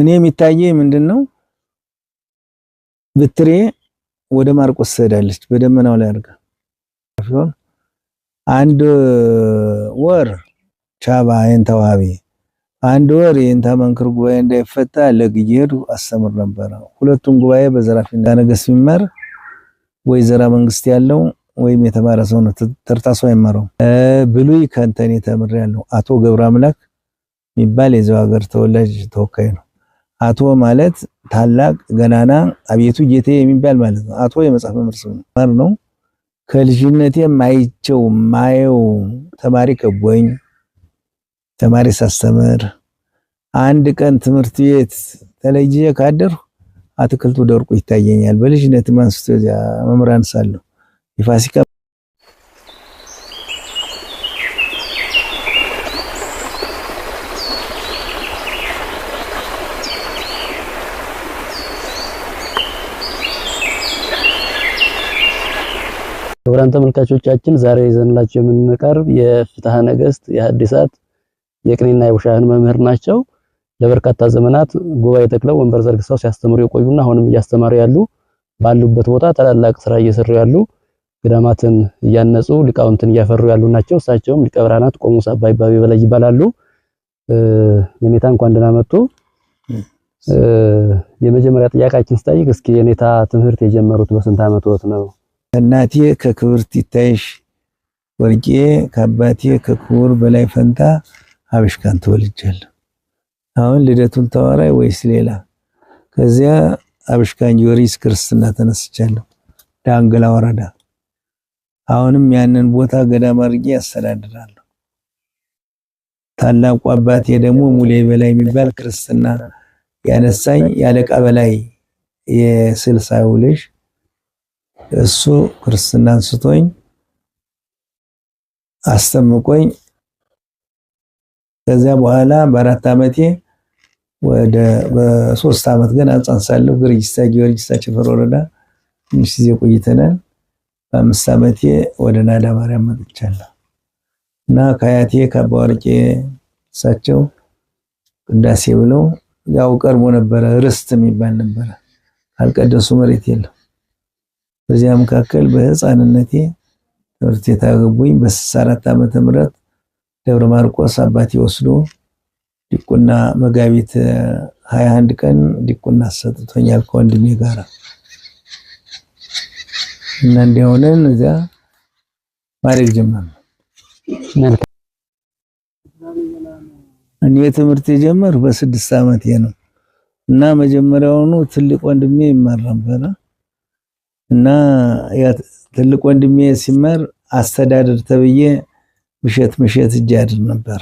እኔ የሚታየ ምንድን ነው? ብትሬ ወደ ማርቆስ ትሄዳለች። በደመናው ላይ አድርጋ አንድ ወር ቻባ የንተዋቢ አንድ ወር የእንታ መንክር ጉባኤ እንዳይፈታ ለግየዱ አስተምር ነበረ። ሁለቱም ጉባኤ በዘራፊ እንዳነገስ ሲመር ወይ ዘራ መንግስት ያለው ወይም የተማረ ሰው ነው። ተርታሶ አይመረው ብሉይ ከንተኔ ተምር ያለው አቶ ገብረ አምላክ የሚባል የዚያው ሀገር ተወላጅ ተወካይ ነው። አቶ ማለት ታላቅ ገናና አቤቱ ጌቴ የሚባል ማለት ነው። አቶ የመጽሐፍ መምህር ስም ነው። ከልጅነቴ ማይቸው ማየው ተማሪ ከቦኝ ተማሪ ሳስተምር አንድ ቀን ትምህርት ቤት ተለይጄ ካደርሁ አትክልቱ ደርቆ ይታየኛል። በልጅነት አንስቶ መምህራን ሳለሁ የፋሲካ ክቡራን ተመልካቾቻችን ዛሬ ይዘንላችሁ የምንቀርብ የፍትሐ ነገሥት የሐዲሳት የቅኔና የውሻህን መምህር ናቸው። ለበርካታ ዘመናት ጉባኤ ተክለው ወንበር ዘርግተው ሲያስተምሩ የቆዩና አሁንም እያስተማሩ ያሉ ባሉበት ቦታ ታላላቅ ስራ እየሰሩ ያሉ ገዳማትን እያነጹ ሊቃውንትን እያፈሩ ያሉ ናቸው። እሳቸውም ሊቀ ብርሃናት ቆሞስ አባ ይባቤ በላይ ይባላሉ። የኔታ እንኳን ደህና መጡ። የመጀመሪያ ጥያቄያችን ስጠይቅ እስኪ የኔታ ትምህርት የጀመሩት በስንት ዓመት ወት ነው? ከእናቴ ከክብርት ይታይሽ ወርቄ ከአባቴ ከክቡር በላይ ፈንታ አብሽካን ትወልጃለሁ። አሁን ልደቱን ተዋራይ ወይስ ሌላ? ከዚያ አብሽካን ጊዮርጊስ ክርስትና ተነስቻለሁ ዳንግላ ወረዳ። አሁንም ያንን ቦታ ገዳም አድርጌ ያስተዳድራለሁ። ታላቁ አባቴ ደግሞ ሙሌ በላይ የሚባል ክርስትና ያነሳኝ ያለቃ በላይ የስልሳዩ ልጅ እሱ ክርስትና አንስቶኝ አስተምቆኝ ከዚያ በኋላ በአራት ዓመቴ ወደ በሶስት ዓመት ግን ሕፃን ሳለሁ ግርጅሳ ጊዮርጊስ ቸፈር ወረዳ ትንሽ ጊዜ ቆይተናል። በአምስት ዓመቴ ወደ ናዳ ማርያም መጥቻለሁ እና ከአያቴ ከአባ ወርቄ እሳቸው ቅዳሴ ብለው ያው ቀርቦ ነበረ። ርስት የሚባል ነበረ። አልቀደሱ መሬት የለም በዚያ መካከል በህፃንነቴ ትምህርት የታገቡኝ በስልሳ አራት ዓመተ ምህረት ደብረ ማርቆስ አባቴ ወስዶ ዲቁና መጋቢት ሀያ አንድ ቀን ዲቁና ሰጥቶኛል ከወንድሜ ጋራ እና እንዲሆነን እዚያ ማድረግ ጀመር። እኔ ትምህርት የጀመር በስድስት ዓመቴ ነው እና መጀመሪያውኑ ትልቅ ወንድሜ ይማር ነበረ። እና ትልቅ ወንድሜ ሲመር አስተዳደር ተብዬ ምሸት ምሸት እጅ አድር ነበር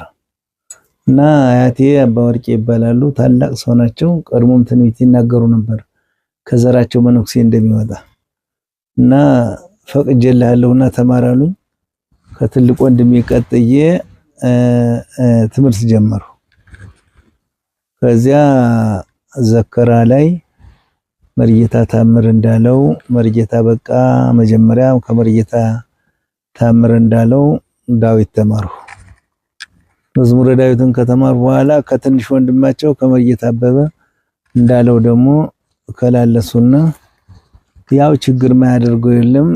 እና አያቴ አባወርቄ ይባላሉ። ታላቅ ሰው ናቸው። ቀድሞም ትንቢት ይናገሩ ነበር ከዘራቸው መነኩሴ እንደሚወጣ እና ፈቅጄልሃለሁና ተማራሉ ከትልቅ ወንድሜ ቀጥዬ ትምህርት ጀመሩ። ከዚያ ዘከራ ላይ መርጌታ ታምር እንዳለው መርጌታ በቃ መጀመሪያ ከመርጌታ ታምር እንዳለው ዳዊት ተማሩ። መዝሙረ ዳዊትን ከተማሩ በኋላ ከትንሽ ወንድማቸው ከመርጌታ አበበ እንዳለው ደግሞ ከላለሱና ያው ችግር ማያደርገው የለም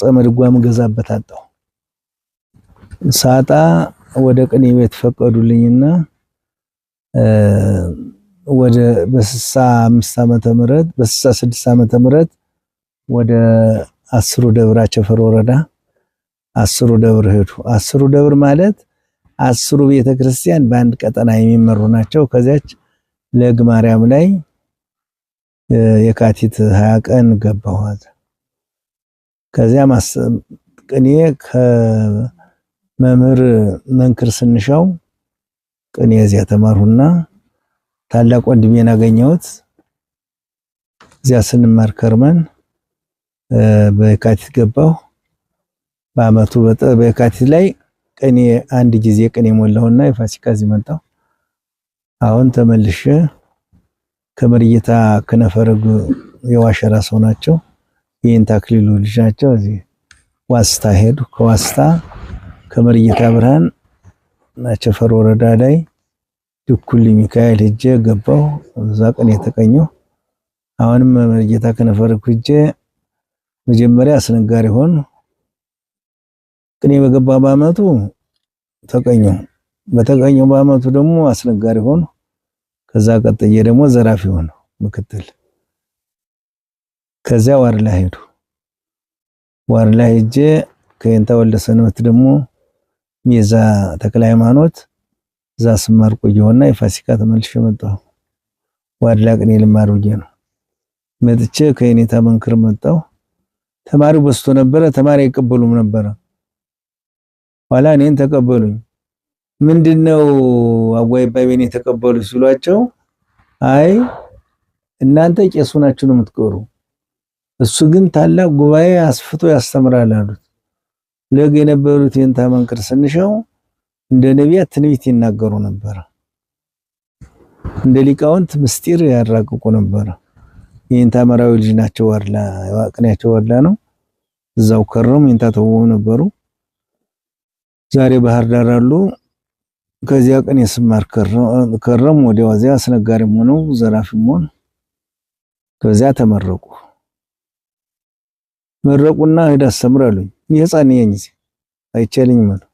ጸመድ ጓም ገዛበት አጣው ሳጣ ወደ ቅኔ ቤት ፈቀዱልኝና ወደ በስሳ አምስት ዓመተ ምህረት በስሳ ስድስት ዓመተ ምህረት ወደ አስሩ ደብር አቸፈር ወረዳ አስሩ ደብር ሄዱ። አስሩ ደብር ማለት አስሩ ቤተ ክርስቲያን በአንድ ቀጠና የሚመሩ ናቸው። ከዚያች ለግ ማርያም ላይ የካቲት ሀያ ቀን ገባሁ። ከዚያ ቅኔ ከመምህር መንክር ስንሻው ቅኔ እዚያ ተማርሁና ታላቅ ወንድሜን አገኘሁት። እዚያ ስንማር ከርመን በየካቲት ገባሁ። በአመቱ በየካቲት ላይ ቅኔ አንድ ጊዜ ቅኔ ሞላሁና የፋሲካ እዚህ መጣሁ። አሁን ተመልሼ ከመርጌታ ከነፈረጉ የዋሸራ ሰው ናቸው። ይህን ታክሊሉ ልጅ ናቸው። እዚህ ዋስታ ሄዱ። ከዋስታ ከመርጌታ ብርሃን ናቸፈር ወረዳ ላይ ድኩል ሚካኤል ሄጄ ገባው እዛ ቀን የተቀኘው አሁንም መርጌታ ከነፈርኩ ሄጄ መጀመሪያ አስነጋሪ ሆን ቅኔ በገባ በአመቱ ተቀኘው። በተቀኘው በአመቱ ደግሞ አስነጋሪ ሆን ከዛ ቀጥዬ ደግሞ ዘራፊ ሆን ምክትል። ከዚያ ዋርላ ሄዱ። ዋርላ ሄጄ ከእንታ ወልደ ሰንበት ደግሞ ሚዛ ተክለ ሃይማኖት እዛ ስማር ቆየሁና የፋሲካ ተመልሼ መጣሁ። ዋድላ ልማር ብዬ ነው መጥቼ ከእኔ መንክር መጣሁ። ተማሪው በዝቶ ነበረ። ተማሪ አይቀበሉም ነበረ። ኋላ እኔን ተቀበሉኝ። ምንድነው አዋይ ባቤኔ ተቀበሉ ሲሏቸው አይ እናንተ ቄሱ ናችሁ ነው የምትቀሩ፣ እሱ ግን ታላቅ ጉባኤ አስፍቶ ያስተምራል አሉት። ለግ የነበሩት የኔታ መንክር ስንሻው እንደ ነቢያት ትንቢት ይናገሩ ነበር። እንደ ሊቃውንት ምስጢር ያራቅቁ ነበር። ይህን ታምራዊ ልጅ ናቸው። ዋድላ ቅኔያቸው ዋድላ ነው። እዛው ከረም ይንታ ተወው ነበሩ። ዛሬ ባህር ዳር አሉ። ከዚያ ቀን የስማር ከረም ወዲያው እዚያ አስነጋሪም ሆነው ዘራፊም ሆን ከዚያ ተመረቁ። መረቁና ሄዳ አስተምራሉኝ የህፃን የኝ አይቻልኝ ማለት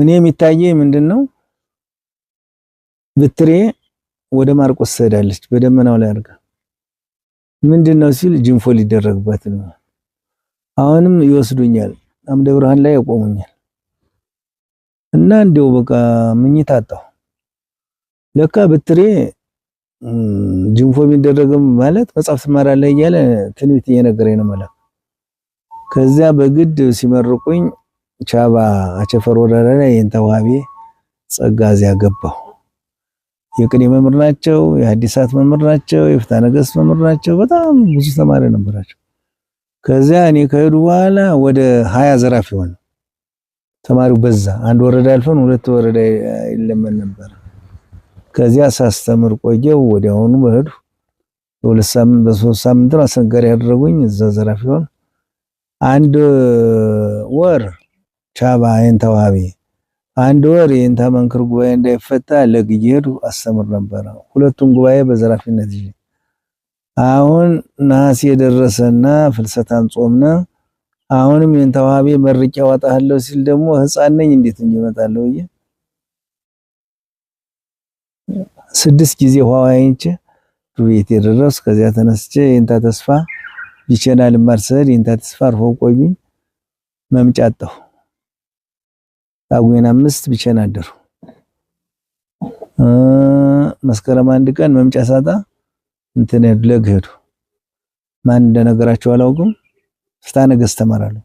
እኔ የሚታየኝ ምንድን ነው? ብትሬ ወደ ማርቆስ ትሄዳለች በደመናው ላይ አድርጋ ምንድን ነው ሲል ጅንፎል ሊደረግበት ነው። አሁንም ይወስዱኛል፣ አምደ ብርሃን ላይ ያቆሙኛል እና እንደው በቃ ምኝት አጣሁ። ለካ ብትሬ ጅንፎ ቢደረግም ማለት መጽሐፍ ትማራለህ እያለ ትንቢት እየነገረኝ ነው መላክ። ከዚያ በግድ ሲመርቁኝ ቻባ አቸፈር ወረዳ ላይ ይህን ተዋቢ ጸጋ እዚያ ገባው። የቅኔ መምህር ናቸው፣ የሐዲሳት መምህር ናቸው፣ የፍትሐ ነገሥት መምህር ናቸው። በጣም ብዙ ተማሪ ነበራቸው። ከዚያ እኔ ከሄዱ በኋላ ወደ ሀያ ዘራፍ ሆነ ተማሪው በዛ። አንድ ወረዳ አልፈን ሁለት ወረዳ ይለመን ነበር። ከዚያ ሳስተምር ቆየው። ወዲያውኑ በሄዱ በሁለት ሳምንት በሶስት ሳምንት አስነጋሪ ያደረጉኝ እዛ ዘራፍ ሆነ አንድ ወር ቻባ አይን ተዋቢ አንድ ወር የእንታ መንክር ጉባኤ እንዳይፈታ ለግየዱ አስተምር ነበረ። ሁለቱም ጉባኤ በዘራፊነት ይዤ አሁን ነሐሴ የደረሰና ፍልሰታን ጾምና አሁንም የእንታ ዋቢ መርቂያ ወጣለሁ ሲል ደግሞ ህፃን ነኝ እንዴት እንጀመጣለሁ ይየ ስድስት ጊዜ ሆዋይንች ዱቤት የደረስ ከዚያ ተነስቼ የእንታ ተስፋ ቢቸና ልማር ስሄድ የእንታ ተስፋ አርፎ ቆዩኝ መምጫጣሁ ጳጉሜን አምስት ብቻዬን አደርኩ። መስከረም አንድ ቀን መምጫ ሳጣ እንትን ለግ ሄዱ። ማን እንደነገራቸው አላውቅም። ፍታ ነገስ ተማራለሁ።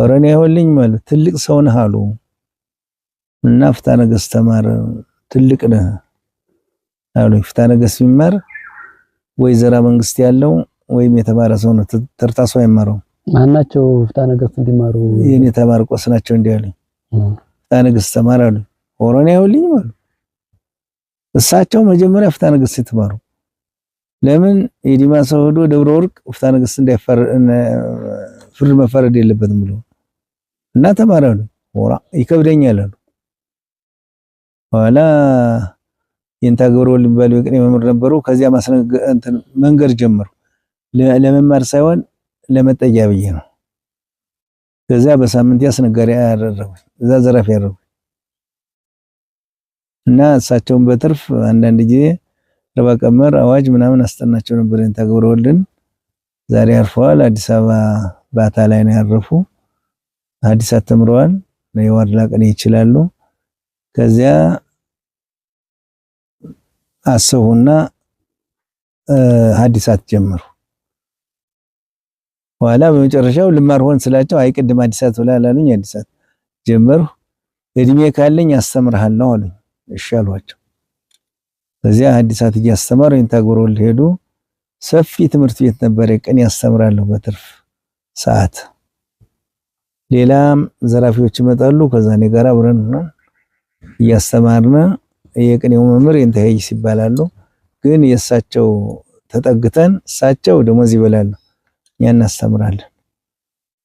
ወረኔ እኔ ማለት ትልቅ ሰው ነህ አሉ እና ፍታ ነገስ ተማር ትልቅ ነህ አሉ። ፍታ ነገስ ቢማር ወይ ዘራ መንግስት ያለው ወይም የተማረ ሰው ነው። ተርታሱ አይማረው። ማናቸው ፍታ ነገስ እንዲማሩ የኔ ተማርቆስ ናቸው እንዲያሉ ፍትሐ ነገሥት ተማር አሉ። ሆሮን ያውልኝ አሉ። እሳቸው መጀመሪያ ፍትሐ ነገሥት የተማሩ ለምን የዲማ ሰው ሄዶ ደብረ ወርቅ ፍትሐ ነገሥት ፍርድ መፈረድ የለበትም ብሎ እና ተማር አሉ። ሆራ ይከብደኛል አሉ። ኋላ የንታ ገብረወልድ የሚባል የቅኔ መምህር ነበሩ። ከዚያ መንገድ ጀመሩ። ለመማር ሳይሆን ለመጠያ ብዬ ነው። ከዚያ በሳምንት ያስነጋሪ አደረጉኝ። እዛ ዘራፊ ያረጉ እና እሳቸውን በትርፍ አንዳንድ ጊዜ ቀመር አዋጅ ምናምን አስጠናቸው ነበር። ተግብረውልን ዛሬ አርፈዋል። አዲስ አበባ ባታ ላይ ነው ያረፉ። ሐዲስ አስተምረዋል። የዋርላ ቅኔ ይችላሉ። ከዚያ አሰቡና ሀዲሳት ጀመሩ። ኋላ በመጨረሻው ልማር ሆን ስላቸው አይቀድም ቅድም ብላ አላሉኝ ሐዲሳት ጀመርሁ። እድሜ ካለኝ አስተምርሃለሁ አሉኝ። እሺ አልኋቸው። በዚያ ሐዲሳት እያስተማር ታጎረወልድ ሄዱ። ሰፊ ትምህርት ቤት ነበር። ቀን ያስተምራለሁ በትርፍ ሰዓት። ሌላም ዘራፊዎች ይመጣሉ። ከዛ እኔ ጋር አብረን ነው እያስተማርነ የቅኔው መምህር እንተያይስ ሲባላሉ ግን የእሳቸው ተጠግተን እሳቸው ደሞዝ ይበላሉ፣ እኛ እናስተምራለን።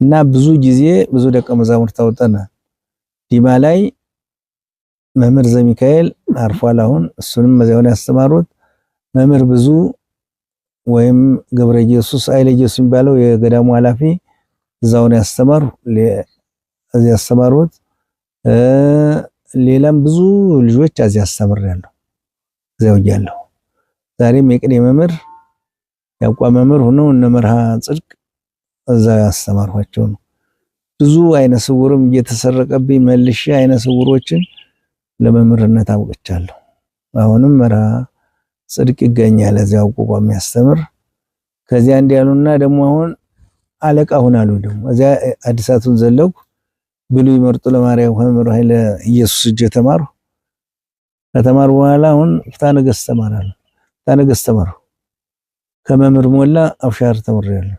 እና ብዙ ጊዜ ብዙ ደቀ መዛሙርት አውጠናል። ዲባ ላይ መምህር ዘሚካኤል አርፏል። አሁን እሱንም እዚያው ያስተማሩት መምህር ብዙ ወይም ገብረ ኢየሱስ አይለ ኢየሱስ የሚባለው የገዳሙ ኃላፊ እዛው ያስተማሩ እዚያ ያስተማሩት። ሌላም ብዙ ልጆች እዚያ ያስተምር ያለው እዚያው ያለው ዛሬም የቅኔ መምህር ያቋ መምህር ሆነው እነ መርሃ ጽድቅ እዛ ያስተማርኋቸው ነው። ብዙ አይነ ስውርም እየተሰረቀብኝ መልሼ አይነ ስውሮችን ለመምህርነት አውቅቻለሁ። አሁንም መራ ጽድቅ ይገኛል እዚያው ቋንቋ የሚያስተምር ከዚያ እንዲያሉና ደግሞ አሁን አለቃ ሆናሉ። ደግሞ እዚያ አዲሳቱን ዘለኩ ብሉ ይመርጡ ለማርያም ከመምህር ኃይለ ኢየሱስ እጅ ተማሩ። ከተማሩ በኋላ አሁን ፍታ ነገስ ተማራለሁ። ፍታ ነገስ ተማሩ። ከመምህር ሞላ አብሻር ተምሬያለሁ።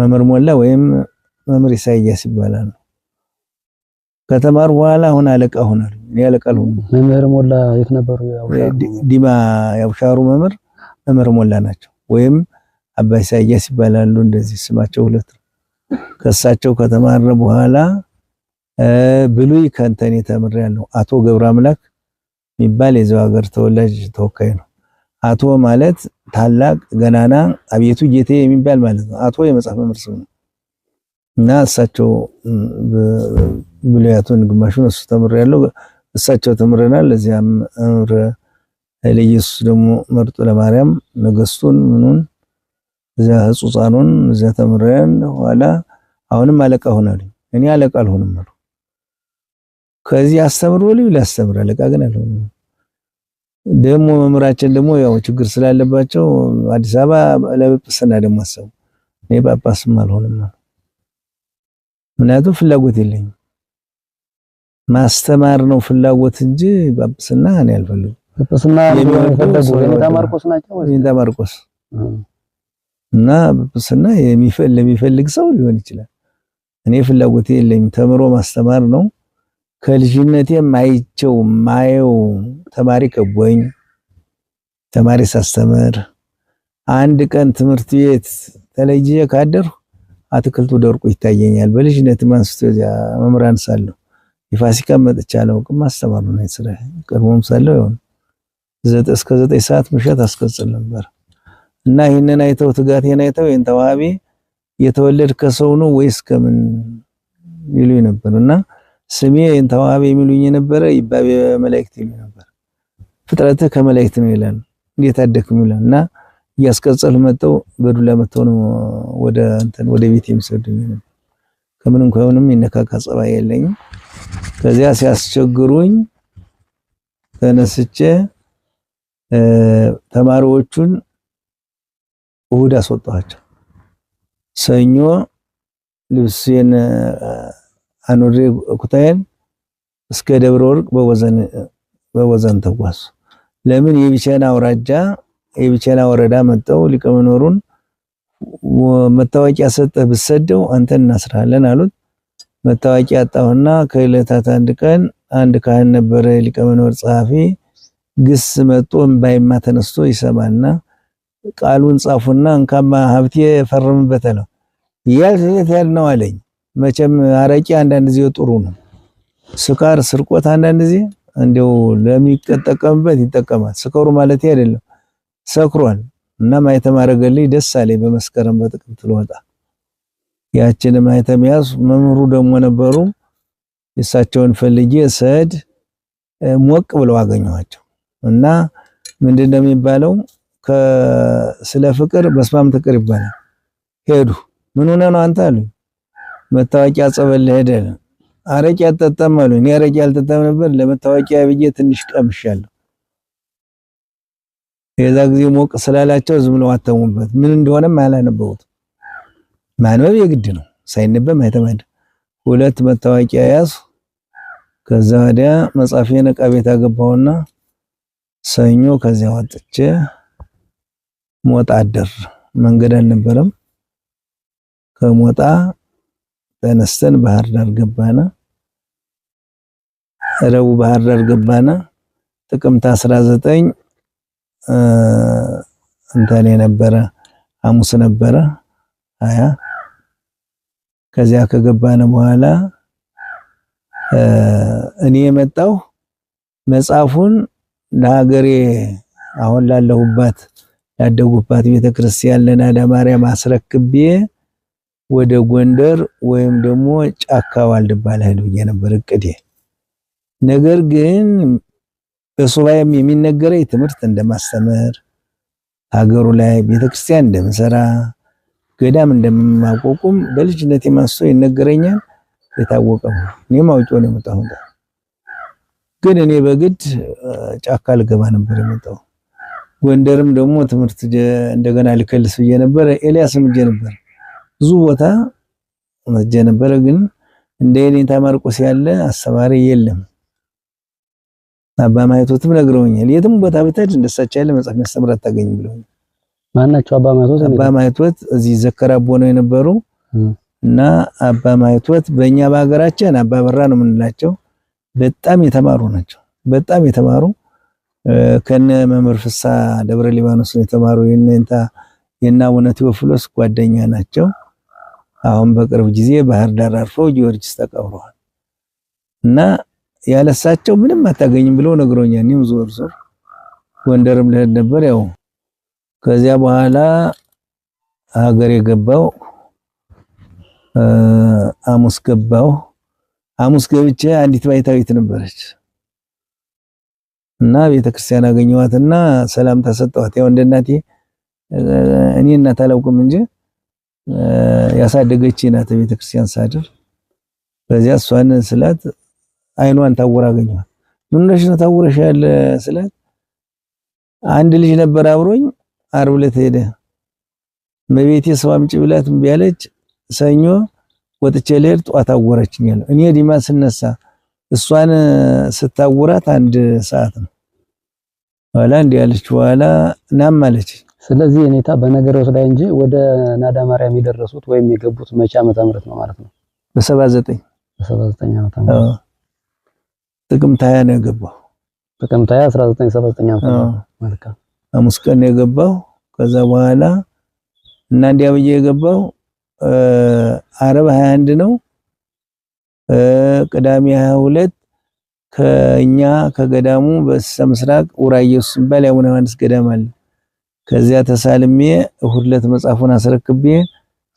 መምህር ሞላ ወይም መምህር ኢሳያስ ይባላል። ከተማሩ በኋላ አሁን አለቃ ሆናል። እኔ አለቃ ልሆን መምህር ሞላ የት ነበሩ? ዲማ ያብሻሩ መምህር መምህር ሞላ ናቸው፣ ወይም አባ ኢሳያስ ይባላሉ። እንደዚህ ስማቸው ሁለት ነው። ከሳቸው ከተማረ በኋላ ብሉይ ከንተኔ ያለው አቶ ገብረ አምላክ የሚባል የዛው ሀገር ተወላጅ ተወካይ ነው። አቶ ማለት ታላቅ ገናና፣ አቤቱ ጌቴ የሚባል ማለት ነው። አቶ የመጽሐፍ መምህር ስም ነው። እና እሳቸው ብሉያቱን ግማሹን እሱ ተምር ያለው እሳቸው ተምረናል። ለዚያም እምረ ኃይለ ኢየሱስ ደግሞ መርጦ ለማርያም ነገስቱን ምኑን እዚያ ህጹጻኑን እዚያ ተምረን ኋላ አሁንም አለቃ ሆናል። እኔ አለቃ አልሆንም አሉ። ከዚህ አስተምሮ ልዩ ላስተምር አለቃ ግን አልሆንም። ደግሞ መምህራችን ደግሞ ያው ችግር ስላለባቸው አዲስ አበባ ለጵጵስና ደግሞ አሰቡ እኔ ጳጳስም አልሆንም አሉ። ምክንያቱም ፍላጎት የለኝም። ማስተማር ነው ፍላጎት እንጂ ጳጳስና እኔ አልፈልግም። ጳጳስና ማርቆስ ናቸው ማርቆስ እና ጳጳስና የሚፈልግ ሰው ሊሆን ይችላል። እኔ ፍላጎቴ የለኝም። ተምሮ ማስተማር ነው። ከልጅነቴ ማይቸው ማየው ተማሪ ከቦኝ ተማሪ ሳስተምር አንድ ቀን ትምህርት ቤት ተለይጄ ካደርኩ አትክልቱ ደርቆ ይታየኛል። በልጅነት አንስቶ እዚያ መምህራን ሳለሁ የፋሲካ መጥቻ አላውቅም። አስተማሩ ነው ስራ ቀድሞም ሳለሁ ይሁን እስከ ዘጠኝ ሰዓት ምሸት አስቀጽል ነበር እና ይህንን አይተው ትጋቴን አይተው ይህን ተዋቢ የተወለድ ከሰው ነው ወይስ ከምን ይሉኝ ነበር እና ስሜ ይህን ተዋቢ የሚሉኝ የነበረ ይባቤ መላእክት ይሉኝ ነበር። ፍጥረትህ ከመላእክት ነው ይላል። እንዴት አደክም ይላል እና እያስቀጸል መጠው በዱላ መተው ነው ወደ እንትን ወደ ቤት የሚሰዱኝ ነው። ከምን እንኳን ይነካካ ጸባይ የለኝም። ከዚያ ሲያስቸግሩኝ ተነስቼ ተማሪዎቹን እሁድ አስወጣኋቸው። ሰኞ ልብሴን አኑሬ ኩታዬን እስከ ደብረ ወርቅ በወዘን በወዘን ተጓዙ። ለምን የቢቸና አውራጃ የቢቸና ወረዳ መጥተው ሊቀመኖሩን መታወቂያ ሰጠህ ብትሰደው አንተ እናስራለን አሉት። መታወቂያ አጣሁና ከዕለታት አንድ ቀን አንድ ካህን ነበረ ሊቀመኖር ጸሐፊ ግስ መጦ እምባይማ ተነስቶ ይሰማና ቃሉን ጻፉና እንካማ ሀብቴ ፈርምበት አለው። ያልተለት ነው አለኝ። መቼም አረቂ አንዳንድ ጊዜ ጥሩ ነው። ስካር፣ ስርቆት አንዳንድ ጊዜ እንዲያው ለሚጠቀምበት ይጠቀማል። ስከሩ ማለት አይደለም ሰክሯል እና ማይተም አረገልኝ ደስ አለኝ በመስከረም በጥቅምት ልወጣ ያችን ማይተም ያዝ መምህሩ ደግሞ ነበሩ የእሳቸውን ፈልጌ ሰድ ሞቅ ብለው አገኘኋቸው እና ምንድን ነው የሚባለው ስለ ፍቅር በስማም ትቅር ይባላል ሄዱ ምን ሆነ ነው አንተ አሉኝ መታወቂያ ጸበል ሄደ አረቄ አልጠጣም አሉኝ እኔ አረቄ አልጠጣም ነበር ለመታወቂያ ብዬ ትንሽ ቀምሻለሁ የዛ ጊዜ ሞቅ ስላላቸው ዝም ብለው አተሙበት። ምን እንደሆነም አላነበቡት። ማንበብ የግድ ነው። ሳይነበብ አይተማድ። ሁለት መታወቂያ ያዝ። ከዛ ወዲያ መጻፊያን ዕቃ ቤት አገባውና ሰኞ ከዚያ ወጥቼ ሞጣ አደር። መንገድ አልነበረም። ከሞጣ ተነስተን ባህር ዳር ገባና ረቡዕ ባህር ዳር ገባና ጥቅምት 19 እንትን የነበረ ሐሙስ ነበረ አያ ከዚያ ከገባነ በኋላ እኔ የመጣው መጽሐፉን ለሀገሬ አሁን ላለሁባት ላደጉባት ቤተክርስቲያን ለናዳ ማርያም አስረክቤ ወደ ጎንደር ወይም ደግሞ ጫካ ዋልድባ ልሄድ ብዬ ነበር እቅዴ። ነገር ግን በሱባኤም የሚነገረ ትምህርት እንደማስተምር ሀገሩ ላይ ቤተክርስቲያን እንደምሰራ ገዳም እንደማቆቁም በልጅነት የማንሶ ይነገረኛል። የታወቀው እኔም አውቄው ነው የመጣሁት። ግን እኔ በግድ ጫካ ልገባ ነበር የመጣው። ጎንደርም ደግሞ ትምህርት እንደገና ልከልስ ብዬ ነበረ። ኤልያስም እጄ ነበር ብዙ ቦታ እጄ ነበረ። ግን እንደ እኔ ታማርቆስ ያለ አስተማሪ የለም። አባ ማይቶትም ነግረውኛል። የትም ቦታ ብትሄድ እንደሳቸው ያለ መጽሐፍ የሚያስተምር አታገኝም ብለውኛል። ማናቸው አባ ማይቶት? አባ ማይቶት እዚህ ዘከራቦ ነው የነበሩ እና አባ ማይቶት በእኛ በሀገራችን አባ በራ ነው የምንላቸው። በጣም የተማሩ ናቸው። በጣም የተማሩ ከነ መምህር ፍሳ ደብረ ሊባኖስ ነው የተማሩ። የነንታ የና አቡነ ቴዎፍሎስ ጓደኛ ናቸው። አሁን በቅርብ ጊዜ ባህር ዳር አርፈው ጊዮርጊስ ተቀብረዋል እና ያለሳቸው ምንም አታገኝም ብለው ነግሮኛል። እኔም ዞር ዞር ጎንደርም ልሄድ ነበር። ያው ከዚያ በኋላ ሀገር የገባው አሙስ ገባው። አሙስ ገብቼ አንዲት ባይታዊት ነበረች እና ቤተክርስቲያን አገኘዋትና ሰላም ተሰጠዋት። ያው እንደናቴ እኔ እናት አላውቅም እንጂ ያሳደገች ናት። ቤተክርስቲያን ሳድር በዚያ እሷን ስላት አይኗን ታውራ አገኘኋት። ምን ሆነሽ ነው ታውረሽ ያለ ስላት፣ አንድ ልጅ ነበር አብሮኝ ዓርብ ዕለት ሄደ። መቤቴ ሰው አምጪ ብላት እምቢ አለች። ሰኞ ወጥቼ ልሄድ ጧት አወረችኝ አለ። እኔ ዲማ ስነሳ እሷን ስታውራት አንድ ሰዓት ነው። ኋላ እንዲህ አለች፣ ኋላ ናም አለች። ስለዚህ ሁኔታ በነገሮች ላይ እንጂ ወደ ናዳ ማርያም የደረሱት ወይም የገቡት መቼ ዓመተ ምህረት ነው ማለት ነው? በሰባ ዘጠኝ በሰባ ዘጠኝ ዓመተ ምህረት ጥቅምት ሀያ ነው የገባው። ጥቅምት 1979 መልካም ሐሙስ ነው የገባው። ከዛ በኋላ እና እንዲያ ብዬ የገባው አረብ 21 ነው ቅዳሜ 22 ከኛ ከገዳሙ በስተ ምስራቅ ውራ ኢየሱስ ሲባል የአቡነ ዮሐንስ ገዳም ከዚያ ተሳልሜ እሁድ ዕለት መጽሐፉን አስረክቤ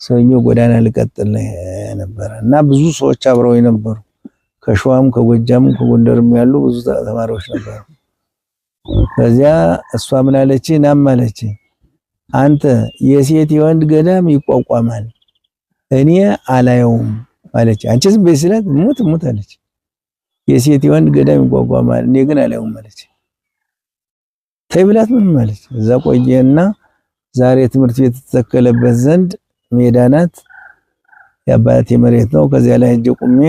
ሰውዬው ጎዳና ልቀጥል ነበረ እና ብዙ ሰዎች አብረው ነበሩ። ከሸዋም ከጎጃም ከጎንደርም ያሉ ብዙ ተማሪዎች ነበሩ። ከዚያ እሷ ምን አለች? ናም አለች፣ አንተ የሴት የወንድ ገዳም ይቋቋማል እኔ አላየውም አለች። አንቺ ዝም በይ ስላት ሙት ሙት አለች። የሴት የወንድ ገዳም ይቋቋማል እኔ ግን አላየውም አለች። ተይ ብላት ምን ማለት እዛ ቆየና ዛሬ ትምህርት ቤት የተተከለበት ዘንድ ሜዳ ናት። የአባቴ መሬት ነው። ከዚያ ላይ ሄጄ ቁሜ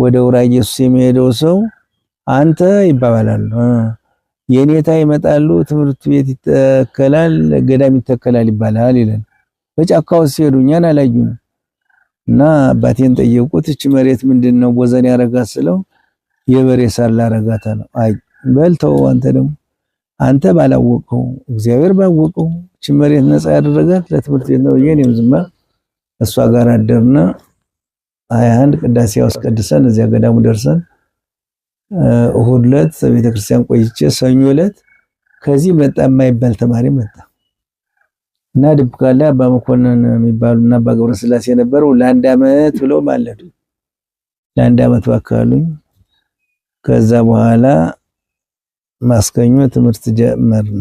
ወደ ውራ ኢየሱስ የሚሄደው ሰው አንተ ይባባላሉ፣ የኔታ ይመጣሉ፣ ትምህርት ቤት ይተከላል፣ ገዳም ይተከላል ይባላል ይላል። በጫካው ሲሄዱ እኛን አላዩን እና አባቴን ጠየቁት። እች መሬት ምንድነው ቦዘን ያረጋት ስለው የበሬ ሳር ላረጋታ ነው። አይ በልተው አንተ ደግሞ አንተ ባላወቀው እግዚአብሔር ባወቀው እች መሬት ነፃ ያደረጋት ለትምህርት ቤት ነው። የኔም ዝማ እሷ ጋር አደርና ሀያ አንድ ቅዳሴ አስቀድሰን እዚያ ገዳሙ ደርሰን እሁድ ዕለት ቤተክርስቲያን ቆይቼ ሰኞ ዕለት ከዚህ መጣ የማይባል ተማሪ መጣ እና ድብቃላ አባ መኮንን የሚባሉ እና አባ ለአንድ አመት ብለው ማለዱ። ለአንድ አመት ባካሉኝ። ከዛ በኋላ ማስገኙ ትምህርት ጀመርን።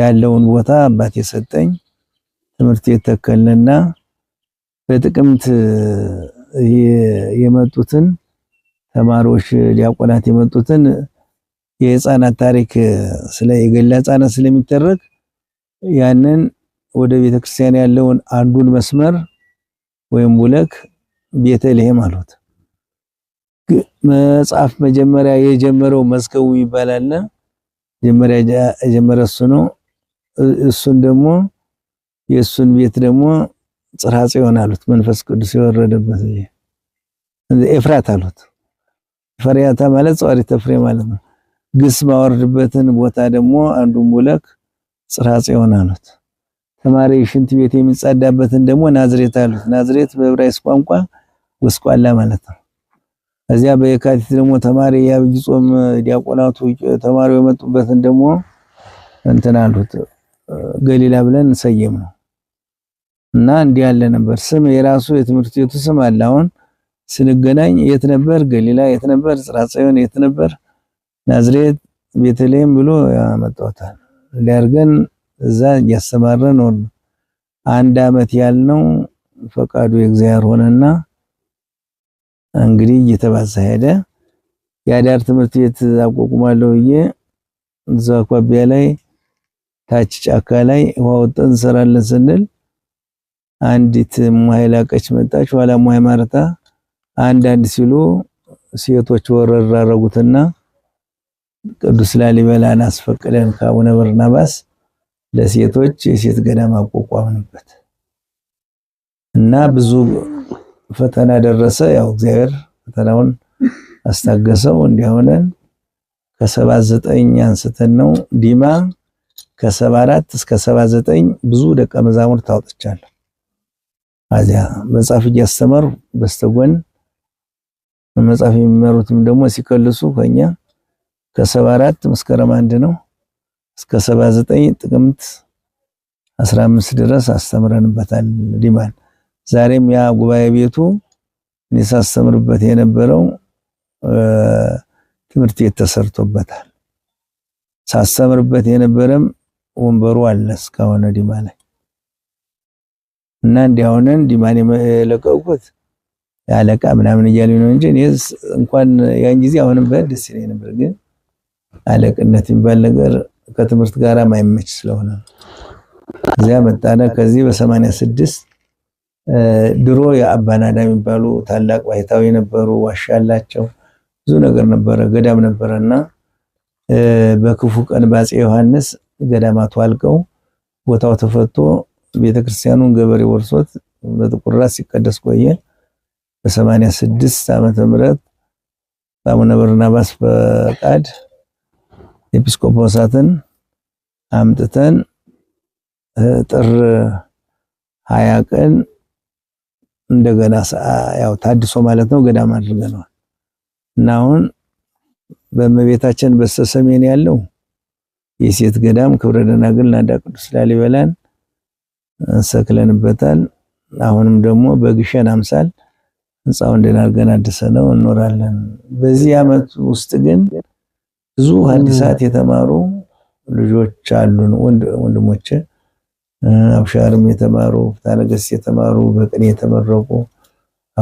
ያለውን ቦታ አባቴ ሰጠኝ። ትምህርት የተከልንና በጥቅምት የመጡትን ተማሪዎች ዲያቆናት የመጡትን የህፃናት ታሪክ ስለ የገላ ህፃናት ስለሚደረግ ያንን ወደ ቤተክርስቲያን ያለውን አንዱን መስመር ወይም ቡለክ ቤተልሔም አሉት። መጽሐፍ መጀመሪያ የጀመረው መዝገቡ ይባላልና መጀመሪያ የጀመረ እሱ ነው። እሱን ደግሞ የእሱን ቤት ደግሞ ጽርሐ ጽዮን አሉት። መንፈስ ቅዱስ የወረደበት ኤፍራት አሉት። ፈሪያታ ማለት ጸዋሪተ ፍሬ ማለት ነው። ግስ ማወርድበትን ቦታ ደግሞ አንዱ ሙለክ ጽርሐ ጽዮን አሉት። ተማሪ ሽንት ቤት የሚጻዳበትን ደግሞ ናዝሬት አሉት። ናዝሬት በዕብራይስጥ ቋንቋ ጎስቋላ ማለት ነው። እዚያ በየካቲት ደግሞ ተማሪ የአብይ ጾም ዲያቆናቱ ተማሪው የመጡበትን ደግሞ እንትን አሉት ገሊላ ብለን ሰየም ነው። እና እንዲህ ያለ ነበር። ስም የራሱ የትምህርት ቤቱ ስም አለ። አሁን ስንገናኝ የት ነበር ገሊላ፣ የት ነበር ጽራጽዮን፣ የት ነበር ናዝሬት፣ ቤተልሔም ብሎ ያመጣታል። ሊያርገን እዛ እያስተማረን ወር አንድ አመት ያልነው ፈቃዱ የእግዚአብሔር ሆነና እንግዲህ እየተባሰ ሄደ። የአዳር ትምህርት ቤት አቋቁማለሁ ብዬ እዛ አኳቢያ ላይ ታች ጫካ ላይ ውሃ ወጥተን እንሰራለን ስንል አንዲት ሙሃይ ላቀች መጣች። ኋላ ሙሃይ ማርታ አንዳንድ ሲሉ ሴቶች ወረር አረጉትና ቅዱስ ላሊበላን አስፈቅደን ከአቡነ በርናባስ ለሴቶች የሴት ገዳም አቋቋምንበት እና ብዙ ፈተና ደረሰ። ያው እግዚአብሔር ፈተናውን አስታገሰው። እንዲያውነን ከሰባ ዘጠኝ አንስተን ነው ዲማ ከሰባ አራት እስከ ሰባ ዘጠኝ ብዙ ደቀ መዛሙርት አውጥቻለሁ። አዚያ መጽሐፍ እያስተማሩ በስተጎን መጽሐፍ የሚመሩትም ደግሞ ሲከልሱ ከኛ ከሰባ አራት መስከረም አንድ ነው እስከ ሰባ ዘጠኝ ጥቅምት አስራ አምስት ድረስ አስተምረንበታል። ዲማን ዛሬም ያ ጉባኤ ቤቱ እኔ ሳስተምርበት የነበረው ትምህርት ቤት ተሰርቶበታል። ሳስተምርበት የነበረም ወንበሩ አለ እስካሁን ዲማ ላይ እና እንዲያሆነን ዲማን የለቀቁት ያለቃ ምናምን እያሉ ነው እንጂ እኔስ እንኳን ያን ጊዜ አሁንም በደስ ይለኝ ነበር። ግን አለቅነት የሚባል ነገር ከትምህርት ጋር ማይመች ስለሆነ እዚያ መጣነ። ከዚህ በሰማንያ ስድስት ድሮ የአባናዳ የሚባሉ ታላቅ ባይታዊ ነበሩ። ዋሻ አላቸው፣ ብዙ ነገር ነበረ፣ ገዳም ነበረ በክፉ ቀን ባፄ ዮሐንስ ገዳማቱ አልቀው ቦታው ተፈቶ ቤተክርስቲያኑን ገበሬ ወርሶት በጥቁር ሲቀደስ ቆየ። በ ስድስት ዓመተ ምህረት በአቡነ በርናባስ ፈቃድ ኤጲስቆጶሳትን አምጥተን ጥር 20 ቀን እንደገና ያው ታድሶ ማለት ነው ገዳም አድርገነዋል እና አሁን በእመቤታችን በስተሰሜን ያለው የሴት ገዳም ክብረ ደናግል ናዳ ቅዱስ ላሊበላን ሰክለንበታል። አሁንም ደግሞ በግሸን አምሳል ህንፃውን ድል አድርገን አድሰነው እንኖራለን። በዚህ ዓመት ውስጥ ግን ብዙ ሐዲሳት የተማሩ ልጆች አሉን። ወንድሞች አብሻርም የተማሩ ታነገስ የተማሩ በቅኔ የተመረቁ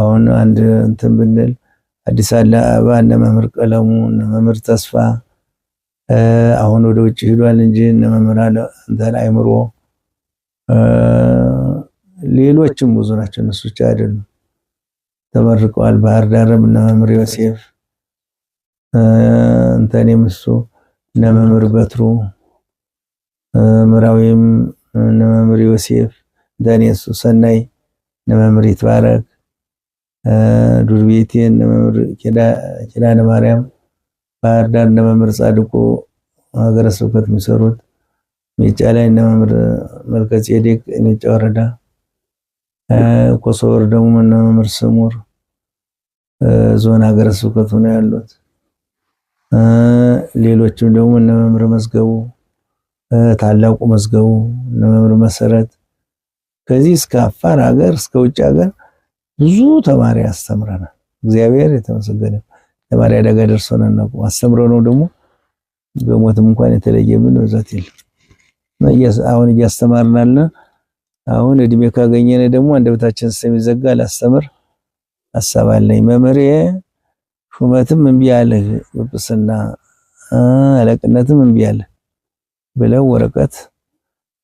አሁን አንድ እንትን ብንል አዲስ አበባ እነ መምህር ቀለሙ እነ መምህር ተስፋ አሁን ወደ ውጭ ሂዷል እንጂ እነ መምህር አንተን አይምሮ ሌሎችም ብዙ ናቸው። እነሱ ብቻ አይደሉም፣ ተመርቀዋል። ባህር ዳርም እነ መምህር ዮሴፍ እንተኔም እሱ እነ መምህር በትሩ ምራዊም እነ መምህር ዮሴፍ እንተኔ እሱ ሰናይ እነ መምህር ይትባረክ ዱር ቤቴ እነ መምህር ኪዳነ ማርያም ባህር ዳር እነ መምህር ጻድቁ ሀገረ ስብከት የሚሰሩት ሚጫ ላይ እና መምህር መልከጼዴቅ ሚጫ ወረዳ፣ ኮሶ ወር ደግሞ እና መምህር ስሙር ዞን ሀገረ ስብከቱ ነው ያሉት። ሌሎችም ደግሞ እና መምህር መዝገቡ ታላቁ መዝገቡ እና መምህር መሰረት ከዚህ እስከ አፋር ሀገር እስከ ውጭ ሀገር ብዙ ተማሪ አስተምረናል። እግዚአብሔር የተመሰገነ ተማሪ አደጋ ደርሶናል። አስተምረው ነው ደግሞ በሞትም እንኳን የተለየ ምን ብዛት የለም። አሁን እያስተማርናልና አሁን እድሜ ካገኘን ደግሞ አንደበታችን ስለሚዘጋ ላስተምር ሀሳብ አለኝ። መምህሬ ሹመትም እምቢ አለህ፣ ጵጵስና አለቅነትም እምቢ አለህ ብለው ወረቀት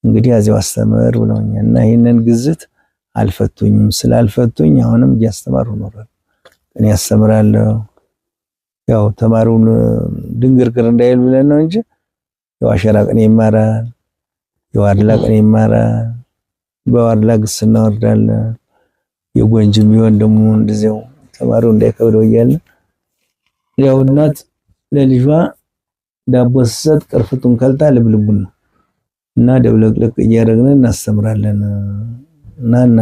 እንግዲህ አዚው አስተምር ብለውኛል እና ይህንን ግዝት አልፈቱኝም። ስላልፈቱኝ አሁንም እያስተማሩ ኖራል። እኔ ያስተምራለሁ። ያው ተማሪውን ድንግርግር እንዳይል ብለን ነው እንጂ ያው አሸራቅኔ ይማራል የዋድላቅን ይማራል። በዋድላቅ ስናወርዳለን የጎንጅ ቢሆን ደግሞ እንደዚያው ተማሪው እንዳይከብደው እያለ ያው እናት ለልጇ ዳቦ ስትሰጥ ቅርፍቱን ከልታ ልብልቡን ነው እና ደብለቅለቅ እያደረግን እናስተምራለን እና እና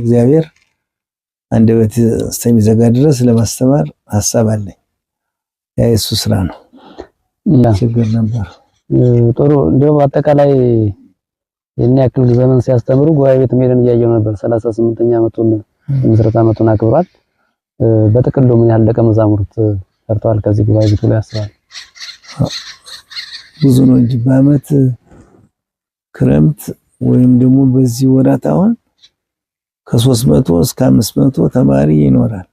እግዚአብሔር አንደበት እስከሚዘጋ ድረስ ለማስተማር ሀሳብ አለኝ። ያ ስራ ነው። ችግር ነበር። ጥሩ እንደው አጠቃላይ ይህን ያክል ዘመን ሲያስተምሩ ጉባኤ ቤት ሄደን እያየው ነበር። 38ኛ አመቱን ምስረት አመቱን አክብሯል። በጥቅሉ ምን ያህል ደቀ መዛሙርት ሰርተዋል? ከዚህ ጉባኤ ቤት ላይ ያስባል። ብዙ ነው እንጂ በአመት ክረምት ወይም ደግሞ በዚህ ወራት አሁን ከ300 እስከ 500 ተማሪ ይኖራል።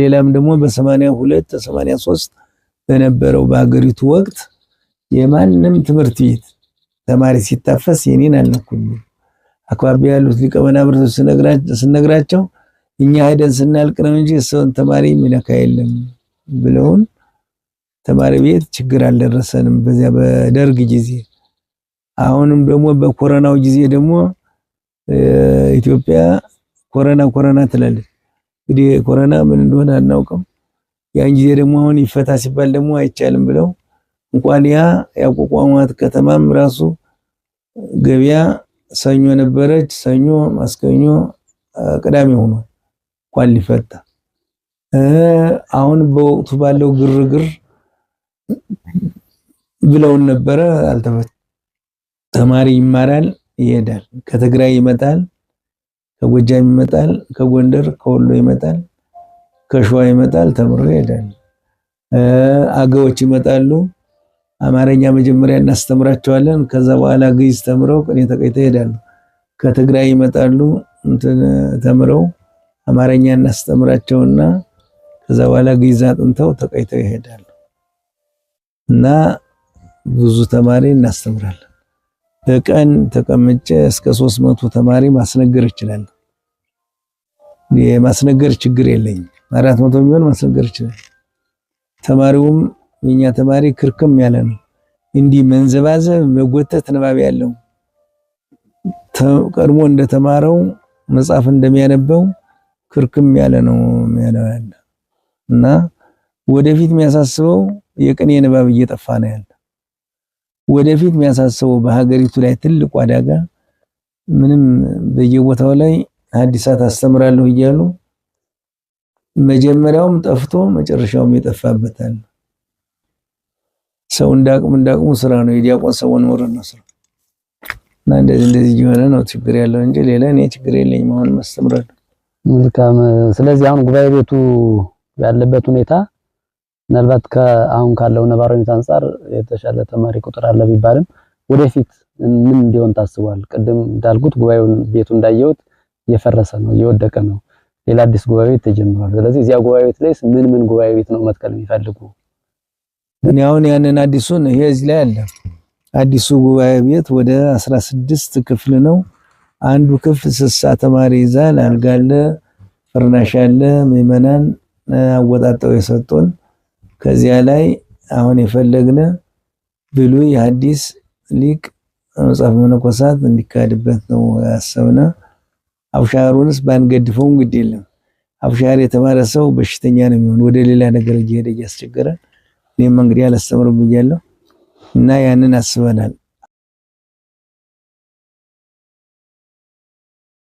ሌላም ደግሞ በ82 83 በነበረው በሀገሪቱ ወቅት የማንም ትምህርት ቤት ተማሪ ሲታፈስ የኔን አልነኩኝ። አካባቢ ያሉት ሊቀ መናብርቶች ስነግራቸው እኛ ሄደን ስናልቅ ነው እንጂ እሰውን ተማሪ የሚነካ የለም ብለውን ተማሪ ቤት ችግር አልደረሰንም በዚያ በደርግ ጊዜ። አሁንም ደግሞ በኮረናው ጊዜ ደግሞ ኢትዮጵያ ኮረና ኮረና ትላለች። እንግዲህ ኮረና ምን እንደሆነ አናውቅም። ያን ጊዜ ደግሞ አሁን ይፈታ ሲባል ደግሞ አይቻልም ብለው እንኳን ያ ያቋቋሟት ከተማም ራሱ ገበያ ሰኞ ነበረች። ሰኞ ማስከኞ ቅዳሜ ሆኖ እንኳን ሊፈታ አሁን በወቅቱ ባለው ግርግር ብለውን ነበረ አልተፈታ። ተማሪ ይማራል ይሄዳል። ከትግራይ ይመጣል፣ ከጎጃም ይመጣል፣ ከጎንደር ከወሎ ይመጣል፣ ከሸዋ ይመጣል፣ ተምሮ ይሄዳል። አገዎች ይመጣሉ አማርኛ መጀመሪያ እናስተምራቸዋለን። ከዛ በኋላ ግዕዝ ተምረው ቅኔ ተቀይተ ይሄዳሉ። ከትግራይ ይመጣሉ ተምረው አማርኛ እናስተምራቸውና ከዛ በኋላ ግዕዝ አጥንተው ተቀይተው ይሄዳሉ። እና ብዙ ተማሪ እናስተምራለን። በቀን ተቀምጨ እስከ ሶስት መቶ ተማሪ ማስነገር ይችላል። የማስነገር ችግር የለኝም። አራት መቶ የሚሆን ማስነገር ይችላል። ተማሪውም የኛ ተማሪ ክርክም ያለ ነው። እንዲህ መንዘባዘብ መጎተት ንባብ ያለው ቀድሞ እንደተማረው መጽሐፍ እንደሚያነበው ክርክም ያለ ነው ያለው ያለ እና ወደፊት የሚያሳስበው የቅኔ ንባብ እየጠፋ ነው ያለ። ወደፊት የሚያሳስበው በሀገሪቱ ላይ ትልቁ አደጋ ምንም በየቦታው ላይ ሐዲሳት አስተምራለሁ እያሉ መጀመሪያውም ጠፍቶ መጨረሻውም ይጠፋበታል። ሰው እንዳቅም እንዳቅሙ ስራ ነው። የዲያቆን ሰው ነው ነው ስራ እና እንደዚህ እንደዚህ እየሆነ ነው ችግር ያለው እንጂ ሌላ እኔ ችግር የለኝም። አሁን መስተምረን መልካም። ስለዚህ አሁን ጉባኤ ቤቱ ያለበት ሁኔታ ምናልባት ከአሁን ካለው ነባራዊ ሁኔታ አንጻር የተሻለ ተማሪ ቁጥር አለ ቢባልም ወደፊት ምን እንዲሆን ታስቧል? ቅድም እንዳልኩት ጉባኤውን ቤቱ እንዳየሁት እየፈረሰ ነው፣ እየወደቀ ነው። ሌላ አዲስ ጉባኤ ቤት ተጀምሯል። ስለዚህ እዚያ ጉባኤ ቤት ላይ ምን ምን ጉባኤ ቤት ነው መትከል የሚፈልጉ እኔ አሁን ያንን አዲሱን ይሄ እዚህ ላይ አለ። አዲሱ ጉባኤ ቤት ወደ 16 ክፍል ነው። አንዱ ክፍል ስሳ ተማሪ ይዛል። አልጋለ ፍርናሽ አለ። ምዕመናን አወጣጠው የሰጡን ከዚያ ላይ አሁን የፈለግነ ብሉይ ሐዲስ ሊቅ መጽሐፍ መነኮሳት እንዲካድበት ነው ያሰብነ። አብሻሩንስ ባንገድፈውም ግድ የለም። አብሻር የተማረ ሰው በሽተኛ ነው የሚሆን ወደ ሌላ ነገር እየሄደ እያስቸገረን እኔም እንግዲህ አላስተምርም ብያለሁ እና ያንን አስበናል።